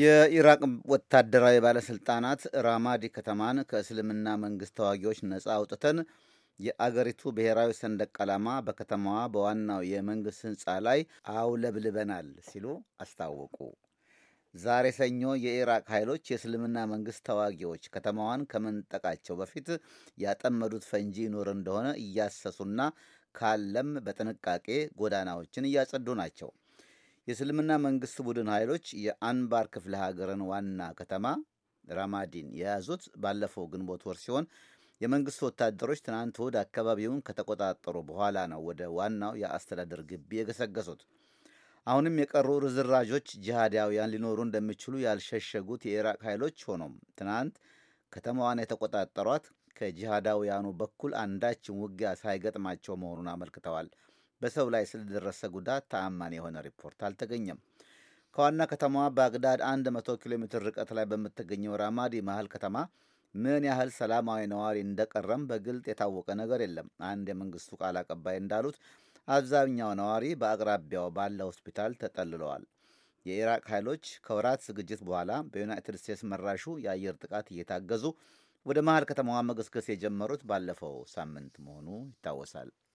የኢራቅ ወታደራዊ ባለስልጣናት ራማዲ ከተማን ከእስልምና መንግስት ተዋጊዎች ነፃ አውጥተን የአገሪቱ ብሔራዊ ሰንደቅ ዓላማ በከተማዋ በዋናው የመንግስት ህንፃ ላይ አውለብልበናል ሲሉ አስታወቁ። ዛሬ ሰኞ የኢራቅ ኃይሎች የእስልምና መንግስት ተዋጊዎች ከተማዋን ከመንጠቃቸው በፊት ያጠመዱት ፈንጂ ይኖር እንደሆነ እያሰሱና ካለም በጥንቃቄ ጎዳናዎችን እያጸዱ ናቸው። የእስልምና መንግስት ቡድን ኃይሎች የአንባር ክፍለ ሀገርን ዋና ከተማ ራማዲን የያዙት ባለፈው ግንቦት ወር ሲሆን የመንግስት ወታደሮች ትናንት እሁድ አካባቢውን ከተቆጣጠሩ በኋላ ነው ወደ ዋናው የአስተዳደር ግቢ የገሰገሱት። አሁንም የቀሩ ርዝራዦች ጂሃዳውያን ሊኖሩ እንደሚችሉ ያልሸሸጉት የኢራቅ ኃይሎች ሆኖም ትናንት ከተማዋን የተቆጣጠሯት ከጂሃዳውያኑ በኩል አንዳችን ውጊያ ሳይገጥማቸው መሆኑን አመልክተዋል። በሰው ላይ ስለደረሰ ጉዳት ተአማኒ የሆነ ሪፖርት አልተገኘም። ከዋና ከተማዋ ባግዳድ 100 ኪሎ ሜትር ርቀት ላይ በምትገኘው ራማዲ መሀል ከተማ ምን ያህል ሰላማዊ ነዋሪ እንደቀረም በግልጥ የታወቀ ነገር የለም። አንድ የመንግስቱ ቃል አቀባይ እንዳሉት አብዛኛው ነዋሪ በአቅራቢያው ባለ ሆስፒታል ተጠልለዋል። የኢራቅ ኃይሎች ከወራት ዝግጅት በኋላ በዩናይትድ ስቴትስ መራሹ የአየር ጥቃት እየታገዙ ወደ መሀል ከተማዋ መገስገስ የጀመሩት ባለፈው ሳምንት መሆኑ ይታወሳል።